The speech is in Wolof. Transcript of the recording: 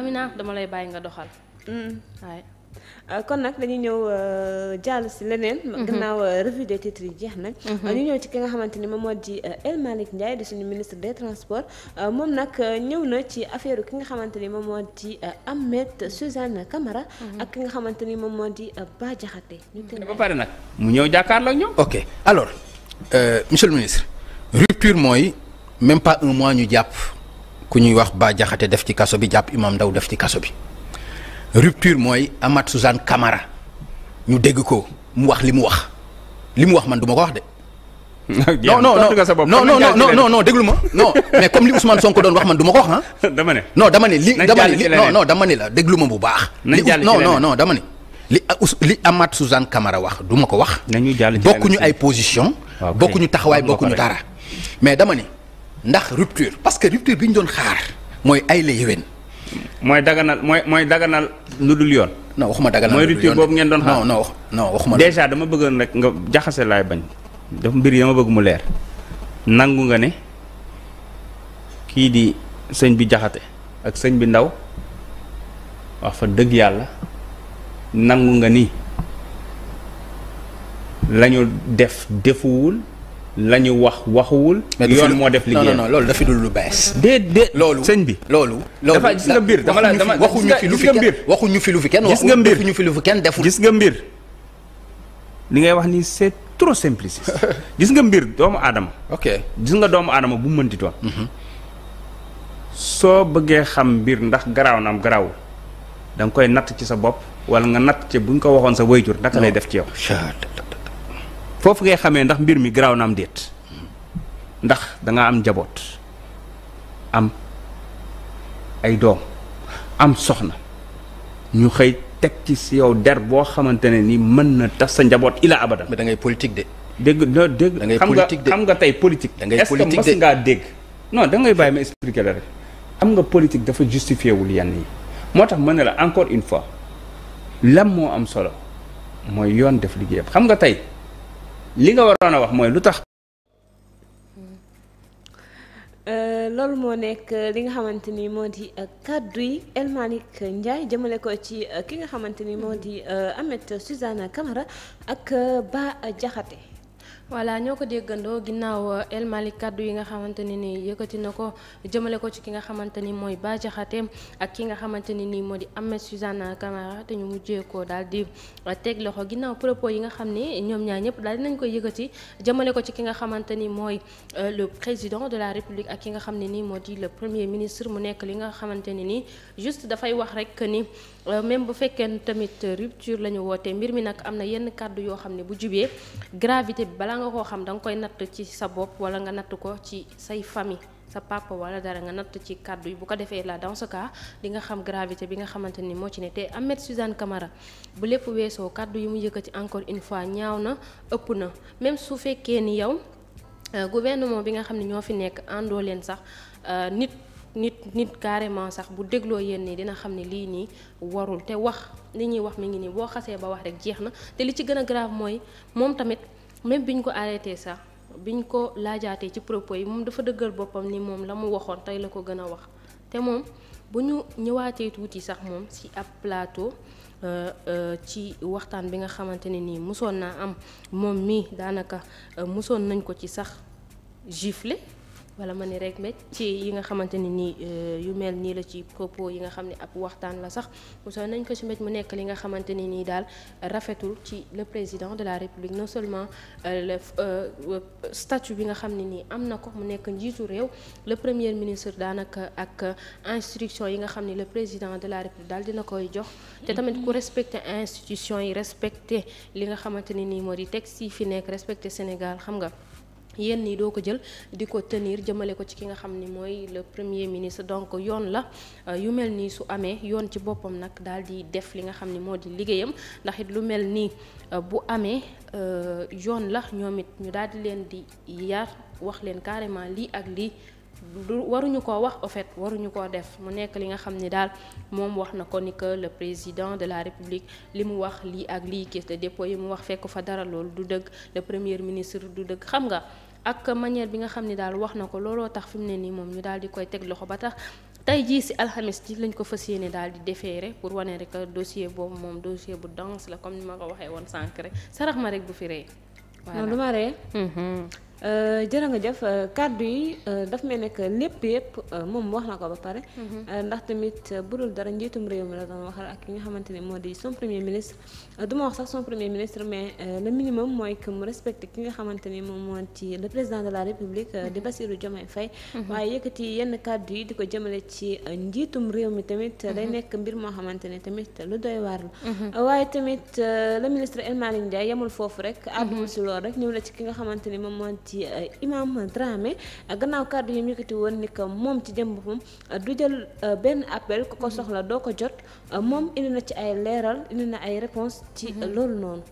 Amina dama lay bàyyi nga doxal. waaye. Mm. Euh, kon nag dañu ñëw euh, jàll si leneen. Mm-hmm. gannaaw euh, revue des titres yi jeex nag. Mm-hmm. ñu ñëw ci ki nga xamante ni moom moo di El Malick Ndiaye di suñu ministre des transports moom nag ñëw na ci affaire ki nga xamante ni moom moo di Ahmed Suzanne Camara. Mm-hmm. ak ki nga xamante ni moom moo di Bah Diakhaté. ba pare nag mu ñëw jàkkaar ñoom. ok alors euh, monsieur le ministre rupture mooy même pas un mois ñu jàpp. ku ñuy wax baa jaxate def ci kaso bi jàpp Imam Ndaw def ci kaso bi rupture mooy Amath Suzanne Camara ñu dégg ko mu wax li mu wax li mu wax man du ma ko wax de. non non non non non non déglu ma non mais comme li Ousmane Sonko doon wax man duma ko wax ah. dama ne non dama ne li dama ne li ma bu baax. nañ dama ne. li li Amath Suzanne wax duma ko wax. nañu jàll bokkuñu ay position ah, bokkuñu taxawaay bokkuñu dara mais dama ne. ndax rupture parce que rupture bi ñu doon xaar mooy ay la mooy daganal mooy mooy daganal lu dul yoon. non waxuma daganal mooy rupture boobu ngeen doon xaar. non non non waxuma. déjà dama bëggoon rek nga jaxase laay bañ. dafa mbir yi dama bëgg mu leer. nangu nga ne kii di sëñ bi jaxate ak sëñ bi ndaw wax fa dëgg yàlla nangu nga ni lañu def defuwul. la ñu wax waxuwul. yoon moo def liggéeyam non non loolu dafa dul lu bees. déedéet loolu sëñ bi. loolu loolu dafa gis nga mbir dama la dama lu fi kenn waxuñu fi fi kenn gis nga mbir waxuñu fi lu fi kenn deful. gis nga mbir ngay wax ni c'est trop simpliste nga mbir doomu aadama. ok gis nga doomu aadama bu mu mënti doon. Mhm. soo bëggee xam mbir ndax garaaw naam garaawul da nga koy natt ci sa bopp wala nga natt ci buñ ko waxoon sa wayjur naka lay def ci yow. foofu ngay xamee ndax mbir mi garaw na am déet ndax danga am njaboot am ay doom am soxna ñu xëy teg ci si yow der boo xamante ne ni mën na tax sa njaboot ila abada. mais da ngay politique dégg nga dégg xam nga nga tey politique. da ngay politique de est ngaa dégg. no da ngay bàyyi ma expliquer la rek. xam nga politique dafa justifié wul yenn yi moo tax ma ne la encore une fois lan moo am solo mooy yoon def liggéeyam xam nga tey. li nga waroon a wax mooy lu tax. Euh, loolu moo nekk li nga xamante ni moo di euh, kàddu yi El Malick Ndiaye jëmale ko ci euh, ki nga xamante ni moo di Ameth Suzanne Camara ak Ba Diakhaté voilà ñoo ko déggandoo ginnaaw euh, El kàddu yi nga xamante ne ni yëkkati na ko jëmale ko ci ki nga xamante ni mooy Bah Diakhaté ak ki nga xamante ne nii moo di Ahmed Suzanne te ñu mujjee ko daal di euh, teg loxo ginnaaw propos yi xam ni ñoom ñaar ñëpp daal dinañ koy yëkkati jëmale ko ci ki nga xamante ni mooy euh, le président de la république ak ki nga xam ne nii moo di le premier ministre mu nekk li nga xamante ne nii juste dafay wax rek ni même bu fekkee tamit rupture la ñu woote mbir mi nag am na yenn kàddu yoo xam ne bu jubee gravité bi balaa nga koo xam da nga koy natt ci sa bopp wala nga natt ko ci say famille sa papa wala dara nga natt ci kàddu yi bu ko defee la dans ce cas nga xam gravité bi nga xamante ni moo ci ne te Ahmed Suzanne Camara bu lépp weesoo kàddu yi mu yëkkati encore une fois ñaaw na ëpp na même su fekkee ni yow euh, gouvernement bi nga xam ne ñoo fi nekk àndoo leen sax euh, nit nit nit carrément sax bu dégloo yéen nii dina xam ne lii nii warul te wax li ñuy wax mi ngi nii boo xasee ba wax rek jeex na te li ci gën a grave mooy tamit. même biñ ko arrêté sax biñ ko laajaatee ci propos yi moom dafa dëggal boppam ni moom la mu waxoon tey la ko gën a wax te moom bu ñu ñëwaatee tuuti sax moom ci ab plateau euh, euh, ci waxtaan bi nga xamante ne nii mosoon naa am moom mii daanaka euh, musoon nañ ko ci sax gifle wala ma ni rek mbéj ci yi nga xamante ni nii eh, yu mel nii la ci propos yi nga xam ne ab waxtaan la sax mosoon nañ ko ci mbéj mu nekk li nga xamante ni nii daal rafetul ci le président de la république non seulement euh, le euh, statut bi nga xam ne nii am na ko mu nekk njiitu réew le première ministre daanaka ak instruction yi nga xam ni le président de la république daal dina koy jox te tamit ku respecté institution yi respecté li nga xamante ni nii moo di texte yi fi nekk respecté Sénégal xam nga yéen nii doo ko jël di ko tenir jëmale ko ci ki nga xam ni mooy le premier ministre donc yoon la euh, yu mel nii su amee yoon ci boppam nag daal di def li nga xam ni moo di liggéeyam ndax it lu mel nii euh, bu amee euh, yoon la ñoom it ñu daal di leen di yar wax leen carrément lii ak lii du waruñu ko wax au waruñu ko def mu nekk li nga xam ni daal moom wax na ko ni que le président de la république li mu wax lii ak lii caisse de dépôt yi mu wax fekk fa dara loolu du dëgg le premier ministre du dëgg xam nga ak manière bi nga xam ni daal wax na ko looloo tax fi mu ne nii moom ñu daal di koy teg loxo ba tax tey jii si alxames ji lañ ko fas yéene daal di déféré pour wane rek dossier boobu moom dossier bu dense la comme ni ma ko waxee woon sànq rek sarax ma rek bu fi rey. Euh, jërë nga jëf euh, kàddu yi euh, daf may nekk lépp yëpp moom wax na ko ba pare. Mhm. ndax tamit bu dara njiitum réew mi la doon waxal ak ki nga xamante ne moo di son premier ma wax sax son premier ministre mais le minimum mooy que mu ki nga xamante ni moom moo ci le président de la république di mhm. Bassirou Diomaye Faye. Mhm. waaye yëkkati yenn kàddu yi di ko jëmale ci njiitum réew mi tamit. day nekk mbir moo xamante ne tamit lu doy waar la. waaye tamit le ministre El foofu rek. àdduma si loolu rek ñëw na ci ki nga xamante ni moom moo ci eh, imam Dramé eh, gannaaw kàddu yi mu yëkkati woon ni que moom ci jëm boppam eh, du jël benn appel ku ko soxla doo ko jot moom indi na ci ay leeral indi na ay réponse ci mhm. loolu noonu